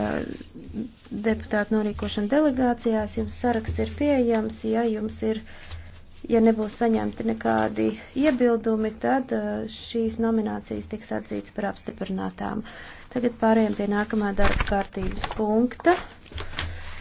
Eh, deputātu norīkošanu delegācijās, jums saraksts ir pieejams, ja jums ir, ja nebūs saņemti nekādi iebildumi, tad eh, šīs nominācijas tiks atzītas par apstiprinātām. Tagad pārējiem pie nākamā darba kārtības punkta.